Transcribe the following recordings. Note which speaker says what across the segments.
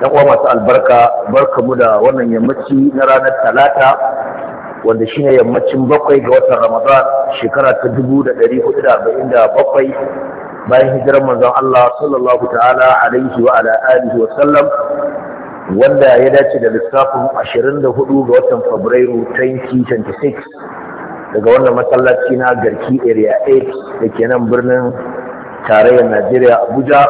Speaker 1: yan uwa masu albarka barka mu da wannan yammaci na ranar talata wanda shi ne yammacin bakwai ga watan ramadan shekara ta dubu da dari hudu da arba'in da bakwai bayan hijirar manzon Allah sallallahu ta'ala alaihi wa ala alihi wa sallam wanda ya dace da lissafin 24 ga watan Fabrairu 2026 daga wannan masallaci na Garki Area 8 da ke nan birnin tarayyar Najeriya Abuja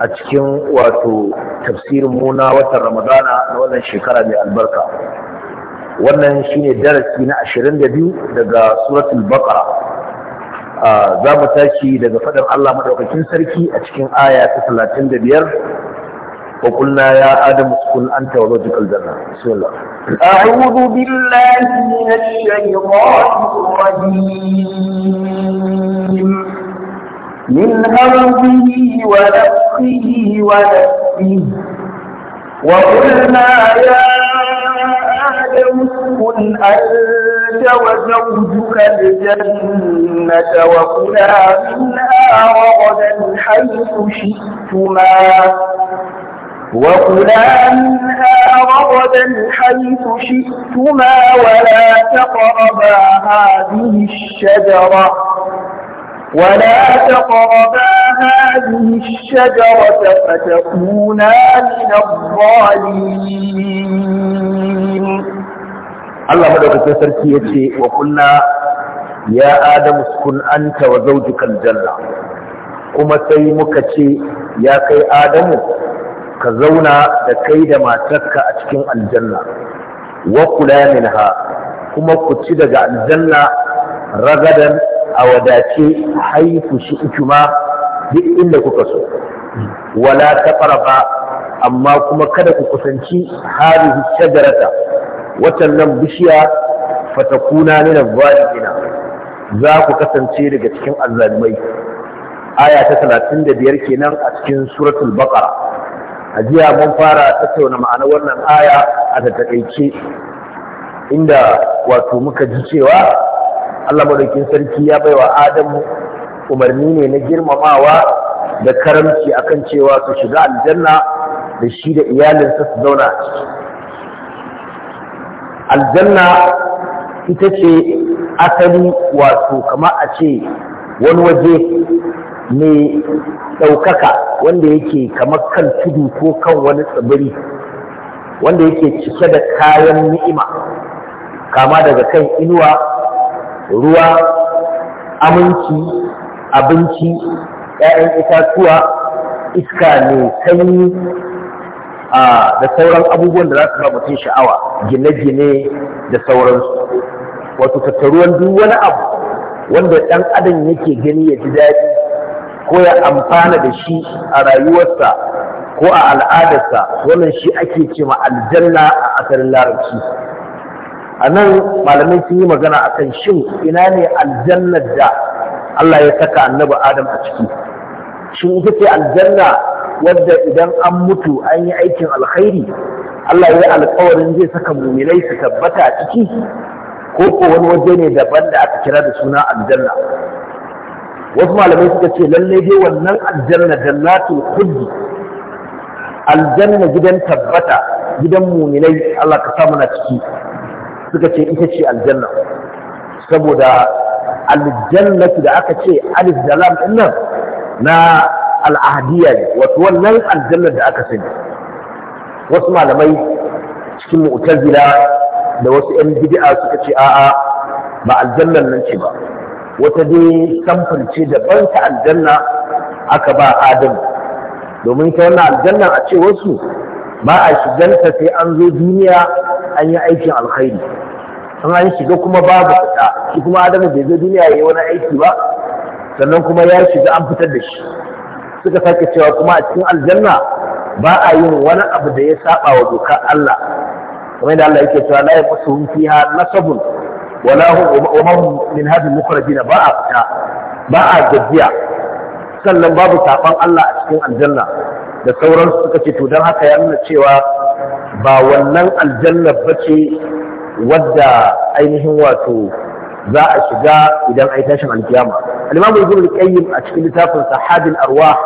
Speaker 1: a cikin wato tafsirin na watan ramadana na wannan shekara mai albarka wannan shine darasi na 22 daga suratul baqara za mu tashi daga faɗan Allah madaukakin sarki a cikin aya ta 35 وقلنا يا آدم اسكن أنت وزوجك الجنة بسم الله أعوذ بالله من الشيطان الرجيم من أرضه ونفسه ونفسه وقلنا يا
Speaker 2: آدم اسكن
Speaker 1: أنت وزوجك الجنة وكلا منها رغدا حيث شئتما وكلا منها رغدا حيث شئتما ولا تقربا هذه الشجرة ولا تقربا هذه الشجرة فتكونا من الظالمين الله مدى تسركي يتي وقلنا يا آدم اسكن أنت وزوجك الجنة كما سيمك يا كي آدم ka zauna da kai da matarka a cikin aljanna wa kula minha kuma ku ci daga aljanna ragadan a wadace haifu shi ikuma duk inda kuka so wala taqraba amma kuma kada ku kusanci hadhihi shajarata watan nan bishiya fatakuna ne adh-dhalimina za ku kasance daga cikin azzalimai aya ta talatin da biyar kenan a cikin suratul baqara jiya mun fara tattauna ma'anar wannan aya a takaice inda wato muka ji cewa Allah madaukin sarki ya baiwa Adamu umarni ne na girmamawa da karamci akan cewa su shiga aljanna da shi da iyalinsa su zauna a ciki aljanna ita ce asali wato kama a ce wani waje ne ɗaukaka wanda yake kama kan tudu ko kan wani tsibiri wanda yake cike da kayan ni'ima kama daga kan inuwa ruwa aminci abinci ‘ya'yan itatuwa iska ne sanyi da sauran abubuwan da za su mutum sha'awa gine-gine da sauransu wato tattaruwan duk wani abu wanda ɗan adam yake gani ya ji daɗi ko ya amfana da shi a rayuwarsa ko a al'adarsa wannan shi ake ce aljanna a asalin larabci a nan malamai sun yi magana a kan shin ina ne aljannar da Allah ya saka annabi Adam a ciki shin ita ce aljanna wadda idan an mutu an yi aikin alkhairi Allah ya yi alkawarin zai saka muminai su tabbata a ciki ko ko wani waje ne daban da aka kira da suna aljanna wasu malamai suka ce lallai dai wannan aljanna jannatul khuldi aljanna gidan tabbata gidan muminai Allah ka sa mana ciki suka ce ita ce aljanna saboda aljanna da aka ce alif da lam din nan na al'adiyya ne wato wannan aljanna da aka sani wasu malamai cikin mu'tazila da wasu yan bid'a suka ce a'a ba aljannan nan ce ba wata dai samfur ce daban ta aljanna aka ba adam domin ta wannan aljannan a ce wasu ba a shiganta sai an zo duniya an yi aikin alkhairi an an shiga kuma babu fita shi kuma adamu bai zo duniya ya yi wani aiki ba sannan kuma ya shiga an fitar da shi suka sake cewa kuma a cikin aljanna ba a yin wani abu da ya saba wa dokar Allah kamar yadda Allah yake cewa la yaqsuhum fiha nasabun wala hum wa man min hadhihi mukhrajina ba a fita ba a gajiya sannan babu saban Allah a cikin aljanna da sauransu suka ce to don haka ya nuna cewa ba wannan aljanna bace wadda ainihin wato za a shiga idan ai tashin alkiyama al-imamu ibn al-qayyim a cikin littafin sahadin arwah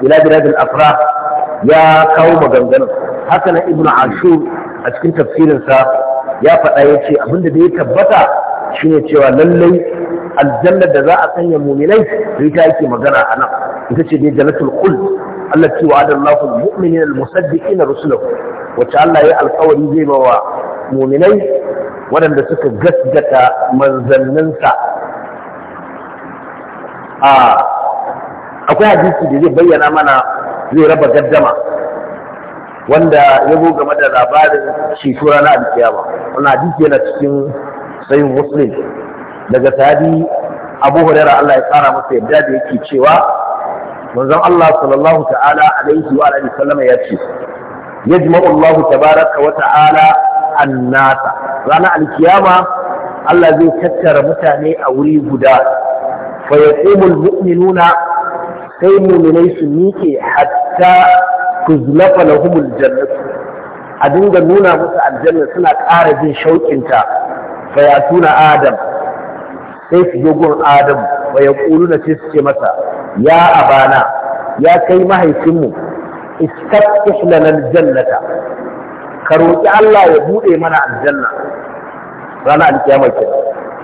Speaker 1: ila bilad al-afrah ya kawo ma haka na ibn ashur a cikin tafsirinsa ya faɗa ya ce abinda da ya tabbata shine cewa lallai aljannar da za a sanya muminai ita yake magana a nan ita ce dai jannatul qul Allah wa'ada Allahu adallahu mu'minin al-musaddiqina rusulahu wacce Allah ya alƙawari zai ba wa mu'minai waɗanda suka gasgata manzanninsa a akwai hadisi da zai bayyana mana zai raba gaddama wanda ya zo game da labarin ceto ranar alkiyama wannan hadisi yana cikin sayin muslim daga sahabi abu hurairah Allah ya tsara masa yadda da yake cewa manzon Allah sallallahu ta'ala alaihi wa alihi sallama ya ce yajma'u Allah tabaraka wa ta'ala annasa Rana alkiyama Allah zai tattara mutane a wuri guda fa yaqumul mu'minuna sai mu'minai su miƙe hatta tuzlafa lahumul jannatu a dinga nuna musu aljanna suna ƙara jin shauƙinta fa ya tuna adam sai su zo adam wa ya sai su ce masa ya abana ya kai mahaifinmu istaftih lana aljannata ka roki Allah ya bude mana aljanna rana alkiyama ke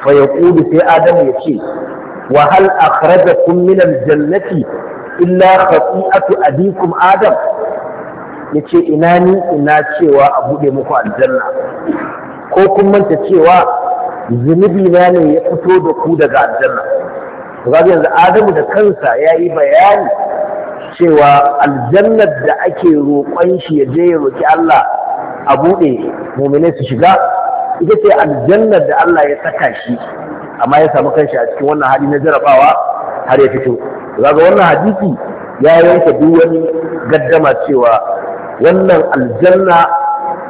Speaker 1: fa yaqulu sai adam ya ce wa hal akhrajakum min aljannati illa khati'atu abikum adam Ya ce ina ni ina cewa a bude muku aljanna ko kun manta cewa zunubi na ne ya fito da ku daga aljanna to yanzu adamu da kansa ya yi bayani cewa aljannar da ake roƙon shi ya je ya roƙi Allah a buɗe muminai su shiga ita ce aljannar da Allah ya saka shi amma ya samu kanshi a cikin wannan hali na jarabawa har ya fito kaga wannan hadisi ya yanke duk wani gaddama cewa wannan aljanna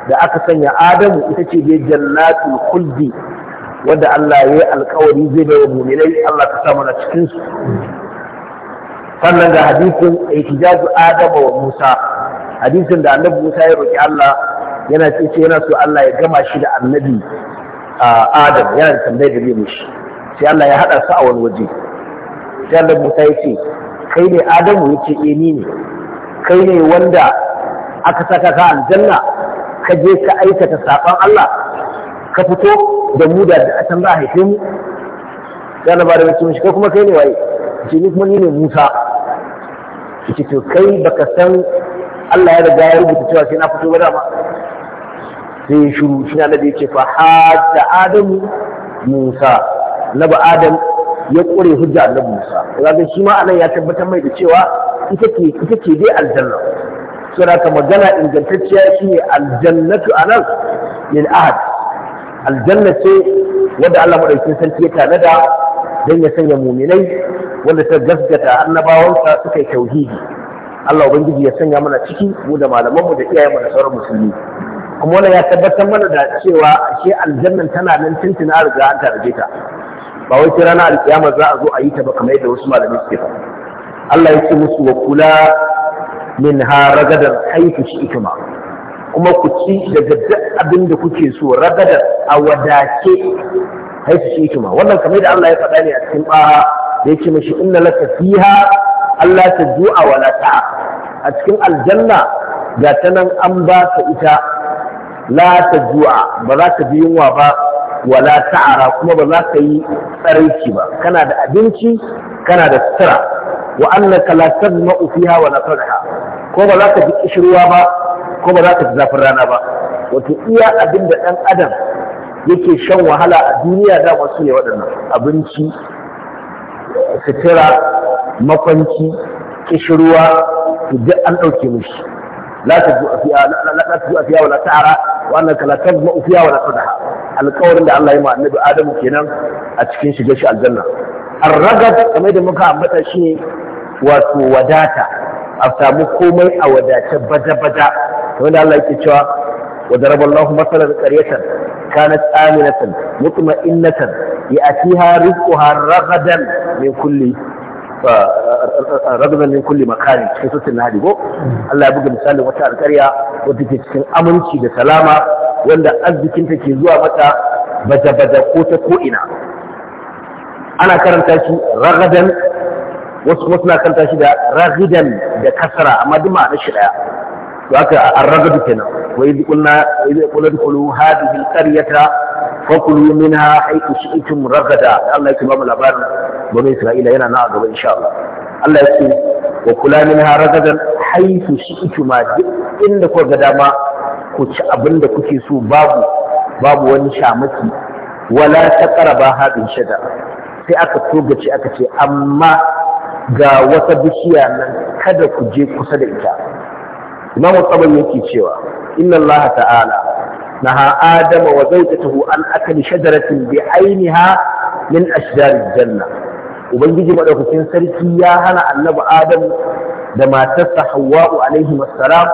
Speaker 1: da aka sanya Adamu ita ce dai jannatul khuldi wanda Allah ya yi alkawari zai bai wa muminai Allah ka sa mana cikin su sannan ga hadisin ihtijaju adama wa Musa hadisin da annabi Musa ya roki Allah yana ce yana so Allah ya gama shi da annabi Adam yana da tambayar da zai mishi sai Allah ya hada su a wani waje sai annabi Musa ya ce kai ne Adamu yace eh ni ne kai ne wanda aka saka ka aljanna ka je ka aikata saban Allah ka fito da mu da a can za a haife mu ya na ba da mutum shi kuma kai ne waye ce ni kuma ni ne musa ce to kai baka san
Speaker 2: Allah ya riga ya rubuta
Speaker 1: cewa sai na fito ba dama sai shuru shi na da ce fa hadda adamu musa ba adam ya kure hujja na musa kaga shi ma anan ya tabbatar mai da cewa ita ce ita ce dai aljanna sai ka magana ingantacciya ne aljannatu anan lil ahad aljanna ce wadda Allah madaukakin sarki ya tanada dan ya sanya muminai wanda ta gaskata annabawansa suka yi tauhidi Allah ubangiji ya sanya mana ciki mu da malamanmu da iyayenmu da sauran musulmi kuma wannan ya tabbatar mana da cewa shi aljannan tana nan tuntun a riga an tarje ta ba wai sai ranar alkiyama za a zo a yi ta ba kamar yadda wasu malamai suke ba. Allah ya ce musu wa kula min ha ragadar haifu shi ikima kuma ku ci daga duk abin da kuke so ragadar a wadace haisu shi wannan kamar da Allah ya faɗa ne a cikin ɓaha da ya ce mashi inna laka fiha Allah ta ju'a wa la ta'a a cikin aljanna ga ta nan an ba ka ita la ta ju'a ba za ka bi yunwa ba wala ta'ara kuma ba za ka yi tsaraici ba kana da abinci kana da sutura wa annaka la tazma'u fiha wa la tadha ko ba za ka ji kishirwa ba ko ba za ta fi zafin rana ba wato iya abin da ɗan adam yake shan wahala a duniya da wasu ne waɗannan abinci sutura makwanci kishirwa duk an ɗauke mishi la ta zuwa fiya la ta zuwa fiya wala ta'ara wa annaka la tazma fiya wala tadha alƙawarin da Allah ya ma annabi Adamu kenan a cikin shiga shi aljanna arragad kamar da muka ambata shi wato wadata a samu komai a wadace baja bada wanda Allah yake cewa wa daraballahu masalan qaryatan kanat aminatan mutma'innatan ya'tiha rizquha ragadan min kulli ragadan min kulli makan cikin sutun hadi go Allah ya buga misalin wata alƙarya wadda ke cikin aminci da salama wanda arzikin ta ke zuwa mata baja-baja ko ta ko'ina ana karanta shi ragadan wasu wasu na karanta shi da ragidan da kasara amma duma na shi daya haka a ragadu kenan wa idh qulna idh qulna dkhulu hadhihi alqaryata fakulu minha haythu shi'tum ragada Allah yake ba mu labarin bani Isra'ila yana na gaba insha Allah Allah yake wa kula minha ragadan haythu shi'tum duk inda ku ga dama ku ci abin da kuke so babu babu wani shamaki
Speaker 2: wala taqraba
Speaker 1: hadhihi shada sai aka togace aka ce amma ga wata bishiya nan kada ku je kusa da ita imamu tsaban yake cewa inna allaha ta'ala naha adama wa zawjatahu an akali shajaratin bi ainiha min ashjaril janna ubangiji madaukakin sarki ya hana annabi adam da matarsa hawwa'u alaihi assalam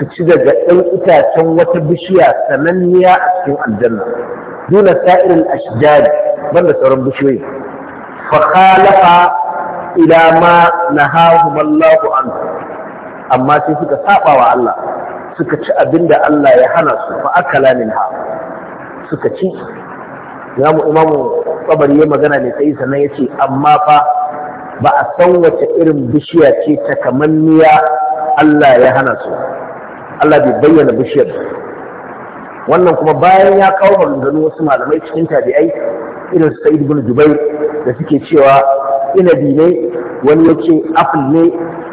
Speaker 1: su ci daga ɗan itacen wata bishiya sananniya a cikin aljanna dole sa'irin ashjari banda sauran bishiyoyi fa khalafa ila ma nahahu Allahu anhu amma sai suka saba wa Allah suka ci abinda Allah ya hana su fa akala minha suka ci yamu imamu tsabari ya magana ne sai sanan ya ce amma fa ba a san wace irin bishiya ce ta kamanniya Allah ya hana su Allah bai bayyana bishiyar wannan kuma bayan ya kawo maganganu wasu malamai cikin tabi'ai irin su Sa'id ibn Jubair da suke cewa inabi ne wani ya ce apple ne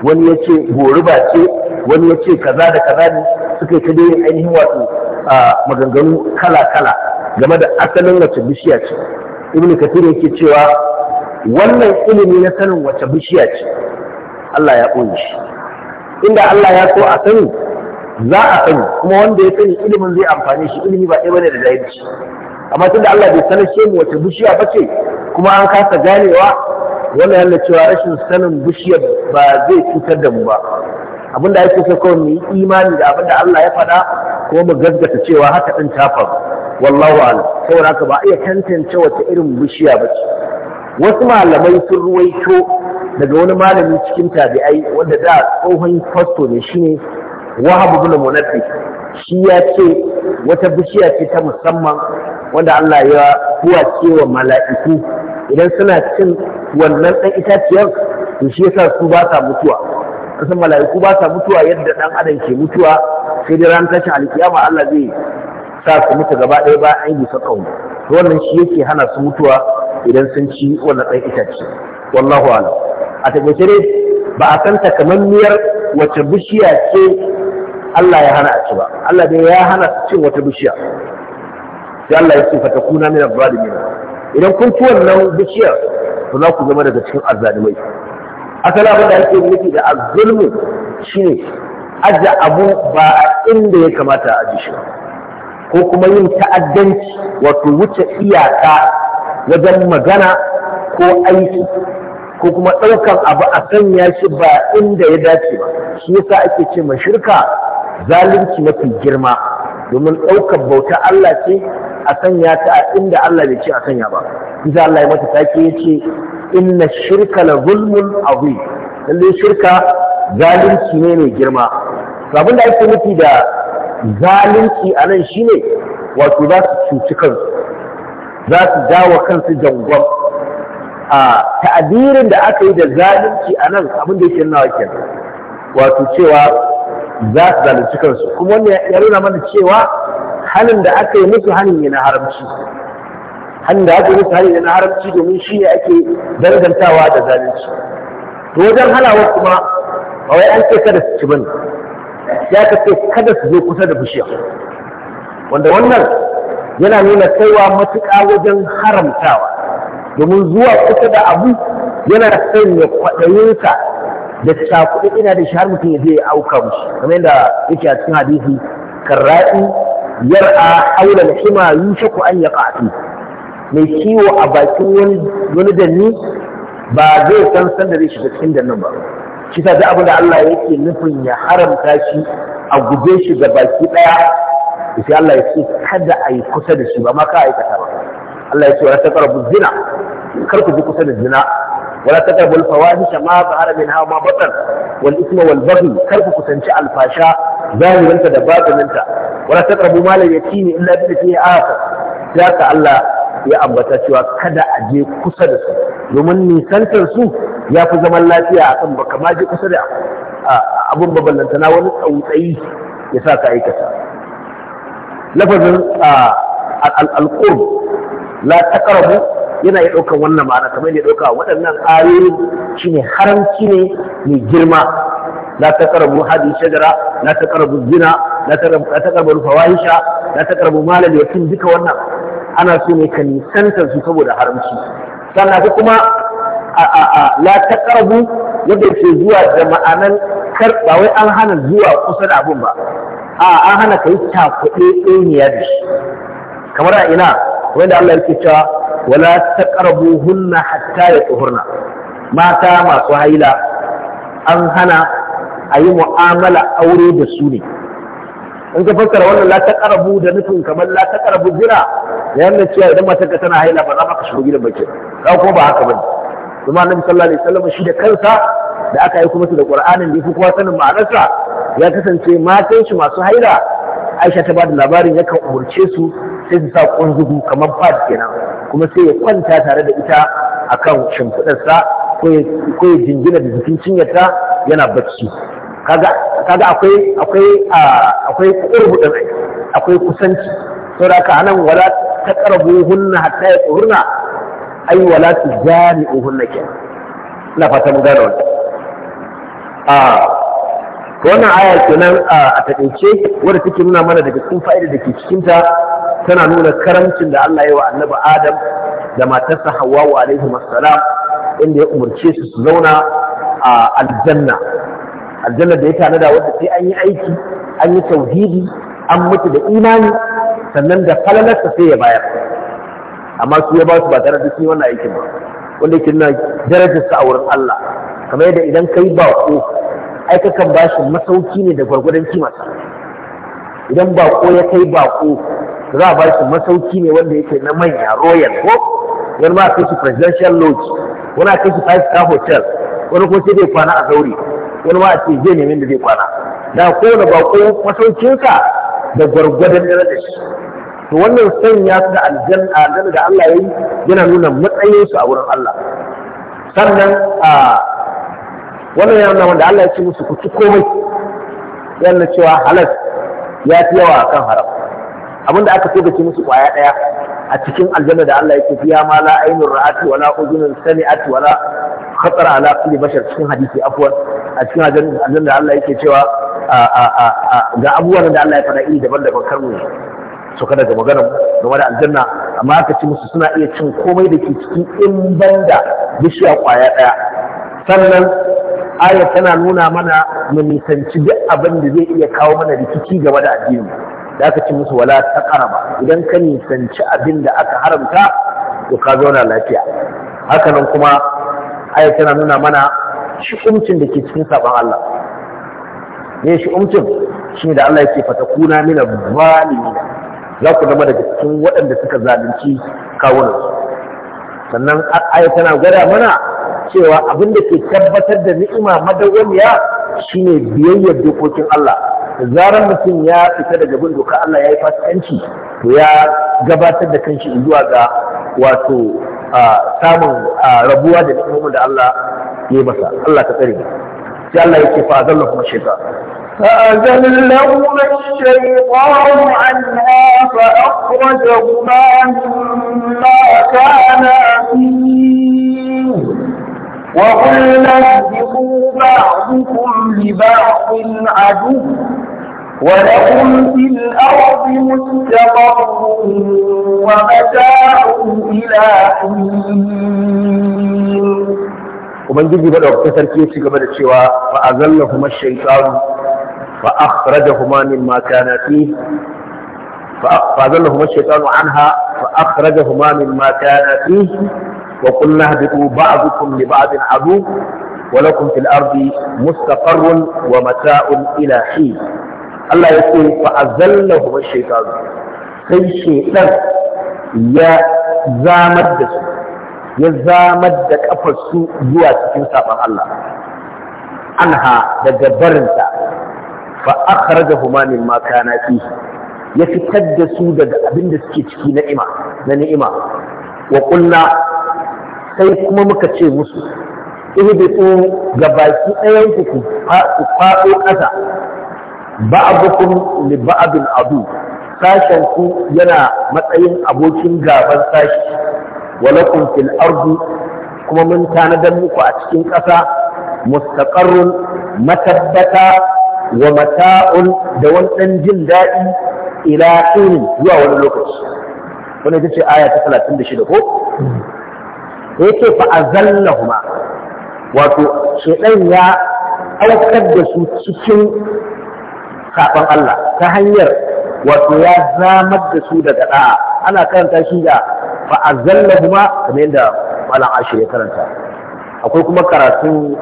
Speaker 1: wani ya ce goruba ce wani ya ce kaza da kaza ne suka yi kadai ainihin wato maganganu kala-kala game da asalin wace bishiya ce ibn kathir yake cewa wannan ilimi na sanin wace bishiya ce Allah ya ɓoye shi inda Allah ya so a sani za a sani kuma wanda ya sani ilimin zai amfane shi ilimi ba ɗaya bane da ci. amma tunda Allah bai sanar shi mu wace bishiya ba ce kuma an kasa ganewa wanda yana cewa rashin sanin bishiyar ba zai cutar da mu ba abinda ake so kawai mu yi imani da abinda Allah ya faɗa ko mu gaskata cewa haka din ta faru wallahu a'lam saboda haka ba iya tantance wata irin bishiya ba ce wasu malamai sun ruwaito daga wani malami cikin tabi'ai wanda da tsohon fasto ne shine wahabu bin munafi shi ya ce wata bishiya ce ta musamman wanda Allah ya kuwa cewa mala'iku idan suna cin wannan ɗan itaciyar to shi yasa su ba sa mutuwa kasan mala'iku ba sa mutuwa yadda ɗan adam ke mutuwa sai dai ran tashin alkiyama Allah zai sa su mutu gaba ɗaya ba an yi sakau to wannan shi yake hana su mutuwa idan sun ci wannan ɗan itaciyar. wallahu a'lam a taƙaice dai ba a san takamammiyar wace bishiya ce Allah ya hana a ci ba Allah dai ya hana cin wata bishiya sai Allah ya ce takuna min al-zalimin idan kun ci wannan bishiyar to za ku zama daga cikin azzalumai asala abin da ake nufi da azzulmu shine aje abu ba a inda ya kamata a shi ko kuma yin ta'addanci wato wuce iyaka wajen magana ko aiki ko kuma ɗaukan abu a sanya shi ba inda ya dace ba shi yasa ake ce mai shirka zalunci mafi girma domin ɗaukar bauta Allah ce a sanya ta a inda Allah bai ce a sanya ba bisa Allah ya mata take yace inna shirka la zulmun azim lalle shirka zalunci ne mai girma to abin da ake nufi da zalunci a nan shine wato za su cuci kansu za su dawo kansu jangon a ta'abirin da aka yi da zalunci a nan abin da yake nawa kenan wato cewa za su zalunci kansu kuma wannan ya nuna mana cewa hannun da aka yi musu hannun ne na haramci hannun da aka yi musu hannun ne na haramci domin shi ne ake dangantawa da zalunci to wajen halawar kuma
Speaker 2: ba wai an ce kada su ci bane ya ka
Speaker 1: ce kada su zo kusa da bishiya wanda wannan yana nuna kaiwa matuƙa wajen haramtawa domin zuwa kusa da abu yana sanya kwaɗayinsa da cakuɗi ina da shi har mutum ya zai ya auka mushi kamar yadda yake a cikin hadisi karra'i yar'a aula hima yushaku an ya yaqati mai ciwo a bakin wani wani danni ba zai san san da zai shiga cikin dannin ba shi ta abin da Allah yake nufin ya haramta shi a guje shi ga baki daya sai Allah ya ce kada a yi kusa da shi ba ma ka aikata ba Allah ya ce wa ta zina kar ku bi kusa da zina ولا تقربوا الفواحش ما ظهر منها وما بطن والإثم والبغي كرف كسنشاء الفاشاء ظاهرا تدباطنا ولا تقربوا مال اليتيم إلا بالتي هي آخر ذاك الله ya ambata cewa kada a je kusa da su domin nisantar su ya fi zaman lafiya a kan baka ma kusa da abin baballanta na wani tsautsayi ya sa ka aikata lafazin al'alƙur la taqrabu yana iya ɗaukar wannan ma'ana kamar yadda ya ɗauka waɗannan ayoyi shine haramci ne mai girma la taqrabu hadhihi shajara la taqrabu zina la taqrabu fawahisha la taqrabu mal al yatim duka wannan ana so ne ka nisanta su saboda haramci sannan ka kuma la taqrabu yadda ke zuwa da ma'anan kar ba wai an hana zuwa kusa da abun ba a an hana kai takuɗe ɗaniya da shi kamar a ina wanda Allah yake cewa wala taqrabuhunna hatta yatahurna mata masu haila an hana a yi mu'amala aure da su ne in ka fassara wannan la taqrabu da nufin kamar la taqrabu zina da yanda cewa idan matar ka tana haila ba za ka shigo gidan bakin ka ko ba haka bane kuma annabi sallallahu alaihi wasallam shi da kansa da aka yi kuma su da qur'anin da yafi kowa sanin ma'anarsa ya kasance matan shi masu haila Aisha ta bada labarin yakan umurce su sai su sa kunzugu kamar fad kenan kuma sai ya kwanta tare da ita akan shimfiɗarsa ko ya jingina da jikin cinyarta yana bacci kaga akwai akwai akwai qurbudin akwai kusanci sau da aka hannun wala taqrabuhunna hatta yaqurna ai wala su tujami'uhunna ke ina fata mun gane wannan a wannan aya kenan a taƙaice wanda take nuna mana daga cikin fa'ida da ke cikinta. tana nuna karamcin da Allah ya wa annabi Adam da matarsa Hawwa alaihi salam, inda ya umarce su su zauna a aljanna aljanna da ya da wadda sai an yi aiki an yi tauhidi an mutu da imani sannan da falalarsa sai ya bayar amma su ya ba su ba tare da sun wannan aikin ba wanda yake nuna darajarsa a wurin Allah kamar yadda idan kai bako ai kakan ba shi masauki ne da gwargwadon kimarsa idan bako ya kai bako za a ba shi masauki ne wanda yake na manya royal ko wani ma kai shi presidential lodge wani kai shi five star hotel wani kuma sai zai kwana a sauri. wani ma a ce zai nemin da zai kwana da kowane bako masaukinsa da gwargwadon da shi to wannan sanya su da aljanna da Allah ya yi yana nuna matsayinsu a wurin Allah sannan a wannan yana nuna wanda Allah ya ce musu ku ci komai yana cewa halal ya fi yawa akan haram abinda aka so gaci musu kwaya daya a cikin aljanna da Allah yake fiya ma la ainur ra'ati wala udhunun sami'ati wala khatar ala kulli bashar cikin hadisi afwan a cikin aljanna da Allah yake cewa ga abubuwan da Allah ya fara iri daban-daban kar mu so kada ga magana game da aljanna amma aka ci musu suna iya cin komai da ke ciki in banda bishiya kwaya daya sannan ayat tana nuna mana mu nisanci duk abin da zai iya kawo mana rikici game da addini da aka ci musu wala ta karaba idan ka nisanci abin da aka haramta to ka zauna lafiya hakanan kuma aya tana nuna mana shi'umcin da ke cikin sabon Allah ne shi'umcin shi da Allah yake fata kuna mina zalimin za ku zama daga cikin waɗanda suka zalunci kawunansu sannan aya tana gwada mana cewa abin da ke tabbatar da ni'ima madawwamiya shine biyayyar dokokin Allah Zaran mutum ya fita daga bin doka Allah ya yi fasikanci to ya gabatar da kanshi zuwa ga wato samun rabuwa da ni'imomin da Allah ya yi masa Allah ka tsare sai Allah yake fa azalla kuma فأزل لهم
Speaker 2: الشيطان عنها فأخرجهما
Speaker 1: مما كان فيه
Speaker 2: وقلنا اهدقوا
Speaker 1: بعضكم لبعض عدو ولكم في الأرض مستقر ومتاع إلى حين ومن جد بدأ اقتصر كيف قبل الشواء فأذلهما الشيطان فأخرجهما مما كان فيه فأذلهما الشيطان عنها فأخرجهما مما كان فيه وقلنا اهبطوا بعضكم لبعض عدو ولكم في الارض مستقر ومتاع الى حين الله يقول فازلهم الشيطان سي شيطان يا زامد يا زامد كفرسو بواتك يوسف الله عنها دجبرنتا فاخرجهما مما كان فيه يفتد سودا بندس كيتشي نئمة نئمة وقلنا sai kuma muka ce musu ihbitu ga baki ɗayan ku ku faɗo ƙasa ba'abukum li ba'abin adu sashen ku yana matsayin abokin gaban sashi walakum fil ardi kuma mun tanadar muku a cikin ƙasa mustaqarrun matabbata wa mata'un da wani ɗan jin daɗi ila zuwa wani lokaci Wani ita ce aya ta 36 ko da yake fa'azalla kuma, wato shedan ya aukar da su cikin saban Allah ta hanyar wato ya zamar da su daga da'a ana karanta shi da fa'azalla kuma kamar yadda malam ashir ya karanta akwai kuma karatun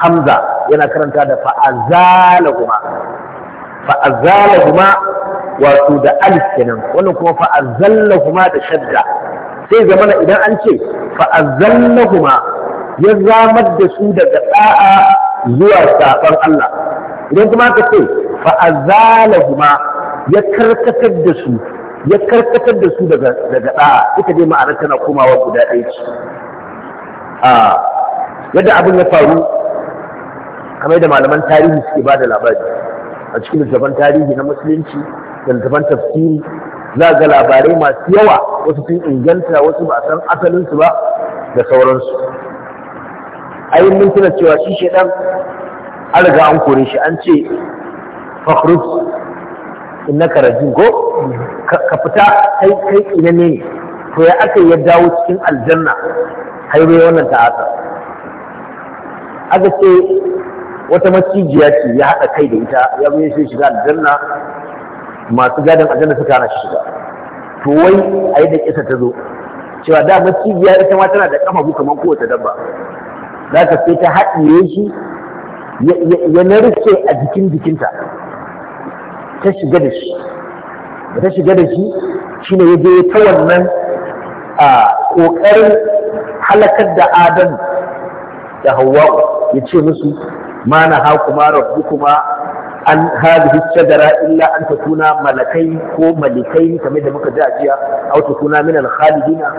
Speaker 1: hamza yana karanta da fa'azalla kuma. Fa'azalla kuma wato da alif kenan wannan kuma fa'azalla kuma da shadda sai zama idan an ce fa'azzannahuma ya zamar da su daga ɗa'a zuwa saban Allah idan kuma ka ce fa'azzalahuma ya karkatar da su ya karkatar da su daga ɗa'a. ita dai ma'anar tana komawa guda ɗaya ce yadda abin ya faru kamar da malaman tarihi suke ba da labari a cikin littafan tarihi na musulunci da littafan tafsiri za ga labarai masu yawa wasu sun inganta wasu ba san asalinsu ba da sauransu ayin mun tuna cewa shi shaidan an riga an kore shi an ce fakhruf innaka rajim ko ka fita kai kai ina ne to ya aka ya dawo cikin aljanna kai bai wannan ta'ata aka ce wata macijiya ce ya haɗa kai da ita ya zo ya shiga aljanna masu gadon aljanna suka hana shi shiga to wai a yi da kisa ta zo cewa da macijiya ita ma tana da kafafu man kowace dabba za ka sai ta haɗiye shi ya narke a jikin jikinta ta shiga da shi da ta shiga da shi shi ne ya je ta wannan a ƙoƙarin halakar da adam da hawa ya ce musu ma na ha kuma kuma an hadhihi shajara illa an takuna malakai ko malikai kamar da muka ji a jiya aw takuna min al-khalidina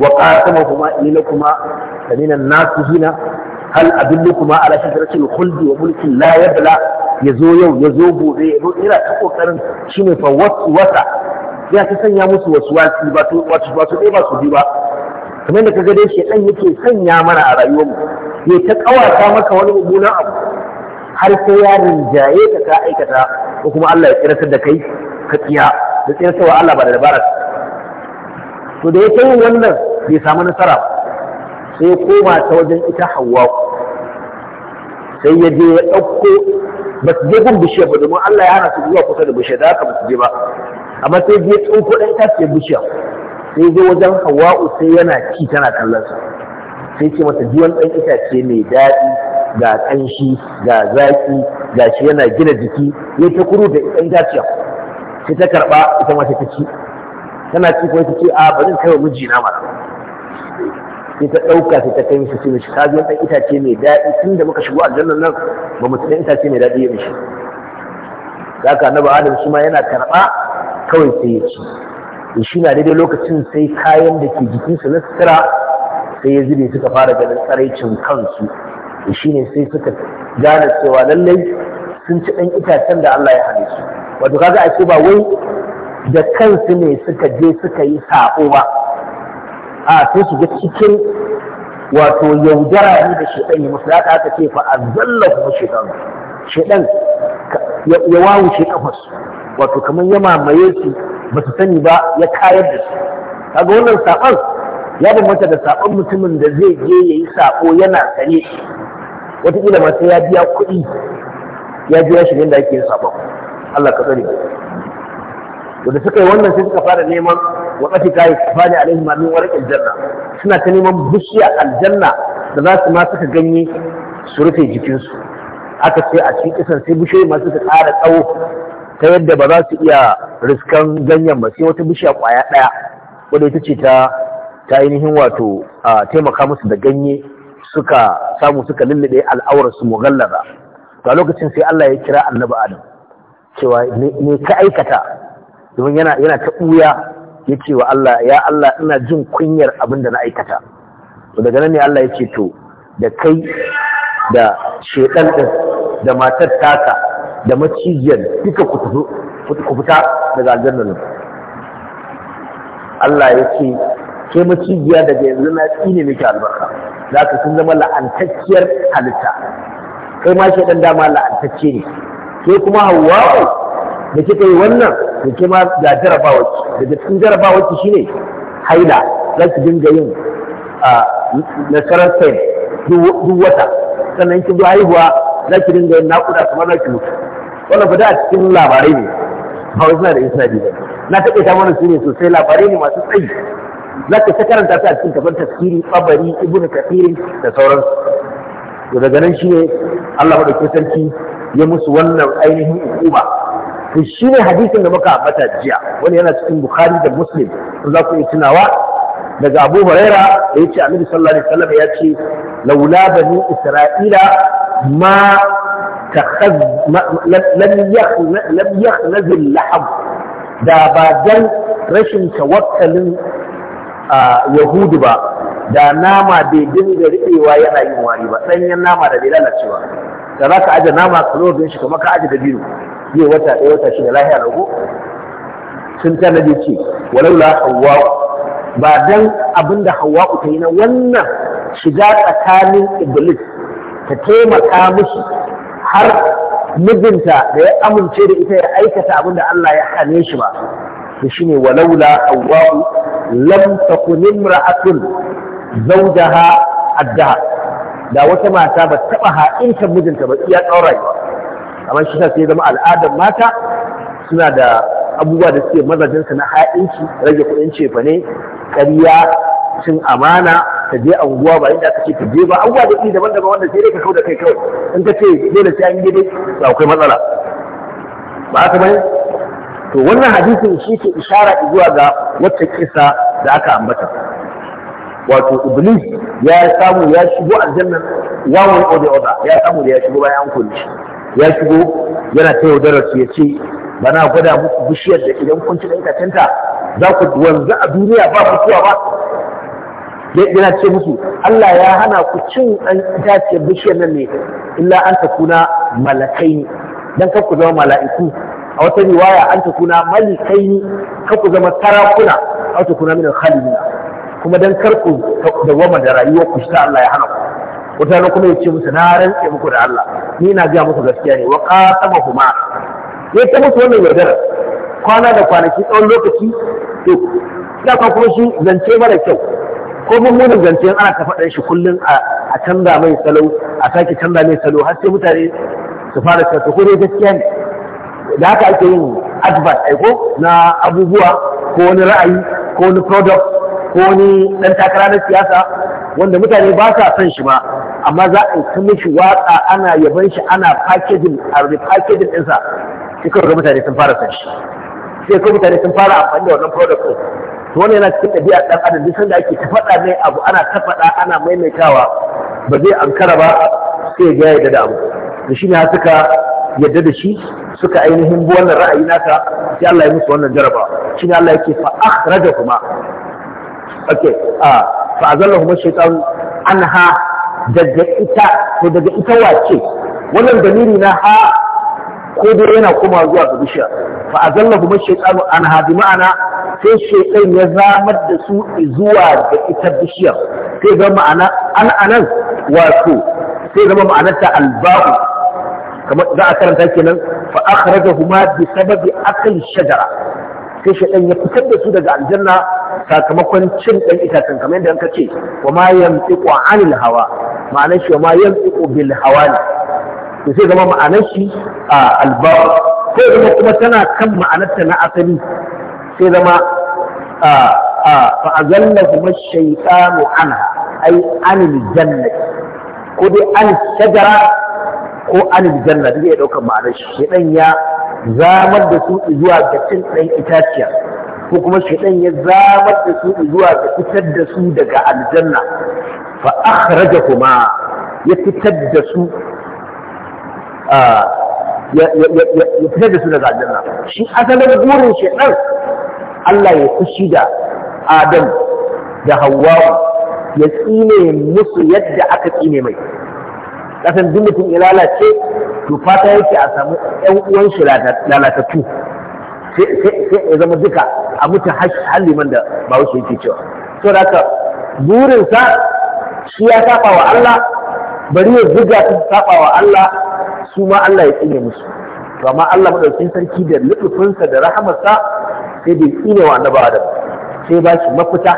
Speaker 2: wa qatamahuma
Speaker 1: ilakuma min an-nasihina hal adullukuma ala shajaratil khuldi wa mulkin la yabla yazo yau yazo gobe yazo ira ta kokarin shine fa wasu wata ya ta sanya musu wasu wasi ba to wato ba su dai ba su bi ba kamar da kaga dai shedan yake sanya mana a rayuwarmu ya ta kawata maka wani mummunan abu har sai ya rinjaye ka ka aikata ko kuma Allah ya tsirasar da kai ka tsiya da tsirasarwa Allah ba da dabara to da ya kai yin wannan bai samu nasara sai ya koma ta wajen ita hawa sai ya je ya ɗauko ba su je gun bishiyar ba domin Allah ya hana su zuwa kusa da bishiyar da haka ba su je ba amma sai je tsinko ɗan itaciyar bishiyar sai je wajen hawa'u sai yana ci tana kallon sa sai ce masa jiwon ɗan itace mai daɗi ga ƙanshi ga zaƙi ga shi yana gina jiki ya ta kuru da ɗan gaciya sai ta karɓa ita ma ta ci tana ci kuma ta ce a bari kai miji mijina ma sai ta ɗauka sai ta kai mishi ce mishi kaji ɗan itace mai daɗi tun da muka shigo aljannan nan ba mu ɗan itace mai daɗi ya mishi haka annabi adam shi ma yana karɓa kawai sai ya ci shi na daidai lokacin sai kayan da ke jikinsa na sutura sai ya zube suka fara ganin tsaraicin kansu shi ne sai suka gane cewa lallai sun ci ɗan itacen da Allah ya hane su wato kaga a ba wai da kansu ne suka je suka yi sabo ba a sai su ga cikin wato yaudara ne da shedan ya musu haka aka ce fa azalla kuma shedan shedan ya wawuce kafarsu wato kamar ya mamaye su ba su sani ba ya kayar da su kaga wannan saƙon, ya bambanta da saƙon mutumin da zai je ya yi saƙo yana sane wataƙila ma sai ya biya kuɗi ya biya shi da ake yin sabon Allah ka tsare wanda suka yi wannan sai suka fara neman wa kafi kai fani alaihi min warqil janna suna ta neman bishiya aljanna da za su ma suka ganye su rufe jikinsu aka ce a cikin kisan sai bishiyoyi masu suka ƙara tsawo ta yadda ba za su iya riskan ganyen ba sai wata bishiya ƙwaya ɗaya wadda ita ce ta ta ainihin wato a taimaka musu da ganye suka samu suka lullube al'aurarsu mughallaza to a lokacin sai Allah ya kira annabi Adam cewa me ka aikata domin yana yana ta buya ya wa Allah ya Allah ina jin kunyar abin da na aikata to daga nan ne Allah ya ce to da kai da shedan din da matar taka da macijiyar duka ku fita daga aljanna Allah yake sai macijiya daga yanzu na tsine muke albarka za ka sun zama la'antacciyar halitta kai ma shaidan dama la'antacce ne sai kuma hawa'u da kika yi wannan da ke ma ga jarabawaki daga cikin shi shine haila za ki dinga yin nasarar sai duk wata sannan kin zo haihuwa za ki dinga yin naƙuda kamar za ki mutu wannan fa da a cikin labarai ne ba wasu na da isnadi ba na taƙaita mana su ne sosai labarai ne masu tsayi za ka ta karanta su a cikin kafin tafsiri tsabari ibnu kafirin da sauransu to daga nan shi ne Allah madaukakin sarki ya musu wannan ainihin hukuma to shi ne hadisin da muka ambata jiya wani yana cikin bukhari da muslim za ku yi tunawa daga abu huraira da ya ce annabi sallallahu alaihi wasallam ya ce laula bani isra'ila ma takhaz lam yakhna lam yakhna da ba dan rashin tawakkalin yahudu ba da nama bai dinga riɓewa yana yin wari ba ɗanyen nama da bai lalacewa da za ka aje nama ka zo gan shi kamar ka aje biyu zai wata ɗaya wata shi da lahiya rago sun tanadi ce walaula hawwa'u ba dan abin da ku ta yi na wannan shiga tsakanin iblis ta taimaka musu har mijinta da ya amince da ita ya aikata abin da Allah ya hane shi ba da shi ne walaula awwa'u lam takun imra'atun zawjaha addaha da wata mata ba taba ha'inta mijinta ba iya tsawon rayuwa amma shi sai zama al'adar mata suna da abubuwa da suke mazajinsa na ha'inci rage kuɗin cefa ne ƙarya cin amana ta je anguwa ba inda aka ce ka je ba abubuwa da iri daban-daban wanda sai dai ka kau da kai kawai in ka ce dole sai an gide ba akwai matsala ba haka bane to wannan hadisin shi ke ishara zuwa ga wacce kisa da aka ambata wato iblis ya samu ya shigo aljanna wawan ode oda ya samu da ya shigo bayan an kulle shi ya shigo yana ta yaudara su ya ce bana gwada muku bishiyar da idan kun ci ɗanka canta za ku wanzu a duniya ba mutuwa ba yana ce musu Allah ya hana ku cin an itaciyar bishiyar nan ne illa an ta kuna malakai ne dan kar ku zama mala'iku a wata riwaya an ta kuna malikaini ka ku zama sarakuna a ta kuna min khalidina kuma dan kar ku dawama da rayuwar ku ta Allah ya hana ku wata ran kuma ce musu na rantse muku da Allah ni na ga muku gaskiya ne wa qatamahuma ya ta musu wannan yardar kwana da kwanaki tsawon lokaci to da kuma zance mara kyau ko mummunan zance ana ta faɗa shi kullum a canza mai salo a sake canza mai salo har sai mutane su fara ta ko da gaskiya ne da haka ake yin advert aiko na abubuwa ko wani ra'ayi ko wani product ko wani dan takara na siyasa wanda mutane ba sa son shi ma amma za a ta mishi watsa ana yaban shi ana packaging a repackaging ɗinsa shi kawai ga mutane sun fara son shi sai kawai mutane sun fara amfani da wannan product ɗin to wannan yana cikin ɗabi'a ɗan adam duk sanda ake ta faɗa ne abu ana ta faɗa ana maimaitawa ba zai ankara ba sai ya ga yadda da abu da shi ne suka yadda da shi suka ainihin bi wannan ra'ayi naka sai Allah ya musu wannan jaraba shi ne Allah yake fa kuma. okay ah fa azallahuma shaytan anha daga ita to daga ita wace wannan dalili na ha ko dai yana kuma zuwa ga bishiya fa azallahuma shaytan anha bi ma'ana sai shaytan ya zamar da su zuwa ga ita bishiya sai ga ma'ana an anan wato sai zama ma'anarta albahu. kamar za a karanta kenan fa huma bi sababi akli shajara sai shaytan ya fitar da su daga aljanna sakamakon cin dan itacen kamar yadda anka ce wa ma yantiqu anil hawa ma'anar shi wa ma yantiqu bil hawani to sai zama ma'anar shi a albabu ko zama kuma tana kan ma'anarta na asali sai zama a a fa azallahu shaytanu anha ay anil jannati ko dai an shajara ko anil janna duk ya ɗaukar ma'anar shi dan ya zamar da su zuwa ga cin ɗan itaciya ko kuma shi dan ya zamar da su zuwa ga fitar da su daga aljanna fa akhrajakuma kuma ya fitar da su ya fitar da su daga aljanna shi asalin burin dan Allah ya kushi da Adam da Hawwa ya tsine musu yadda aka tsine mai kasan duk mutum ya lalace to fata yake a samu ƴan uwan shi lalatattu sai ya zama duka a mutu halliman da ba wasu yake cewa so da haka burinsa shi ya saba wa Allah bari ya buga su saba wa Allah su ma Allah ya tsine musu to amma Allah madaukin sarki da lutufinsa da rahamarsa sai bai tsine wa annabi Adam sai ba shi mafita